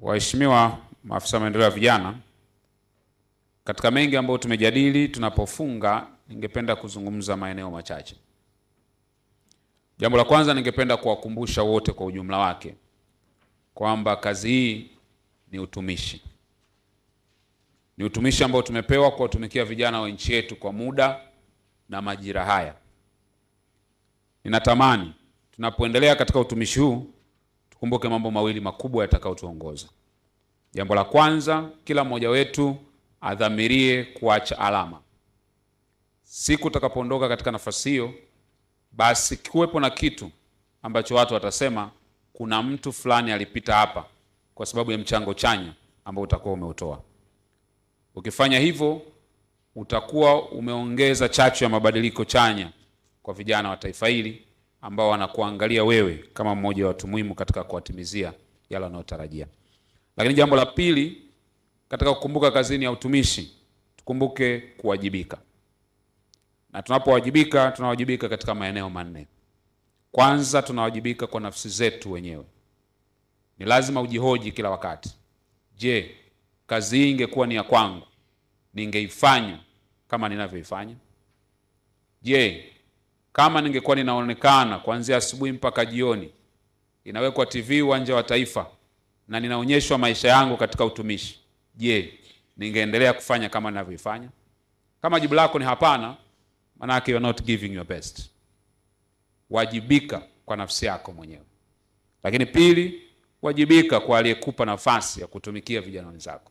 Waheshimiwa maafisa wa maendeleo ya vijana, katika mengi ambayo tumejadili tunapofunga, ningependa kuzungumza maeneo machache. Jambo la kwanza, ningependa kuwakumbusha wote kwa ujumla wake kwamba kazi hii ni utumishi, ni utumishi ambao tumepewa kuwatumikia vijana wa nchi yetu kwa muda na majira haya. Ninatamani tunapoendelea katika utumishi huu Kumbuke mambo mawili makubwa yatakayotuongoza. Jambo la kwanza, kila mmoja wetu adhamirie kuacha alama. Siku utakapoondoka katika nafasi hiyo, basi kuwepo na kitu ambacho watu watasema kuna mtu fulani alipita hapa kwa sababu ya mchango chanya ambao utakuwa umeutoa. Ukifanya hivyo, utakuwa umeongeza chachu ya mabadiliko chanya kwa vijana wa taifa hili ambao wanakuangalia wewe kama mmoja wa watu muhimu katika kuwatimizia yale wanayotarajia. Lakini jambo la pili katika kukumbuka kazini ya utumishi, tukumbuke kuwajibika, na tunapowajibika tunawajibika katika maeneo manne. Kwanza, tunawajibika kwa nafsi zetu wenyewe. Ni lazima ujihoji kila wakati. Je, kazi hii ingekuwa ni ya kwangu, ningeifanya kama ninavyoifanya? Je, kama ningekuwa ninaonekana kuanzia asubuhi mpaka jioni, inawekwa TV uwanja wa Taifa na ninaonyeshwa maisha yangu katika utumishi, je, ningeendelea kufanya kama ninavyoifanya? Kama jibu lako ni hapana, manake you are not giving your best. Wajibika kwa nafsi yako mwenyewe, lakini pili, wajibika kwa aliyekupa nafasi ya kutumikia vijana wenzako.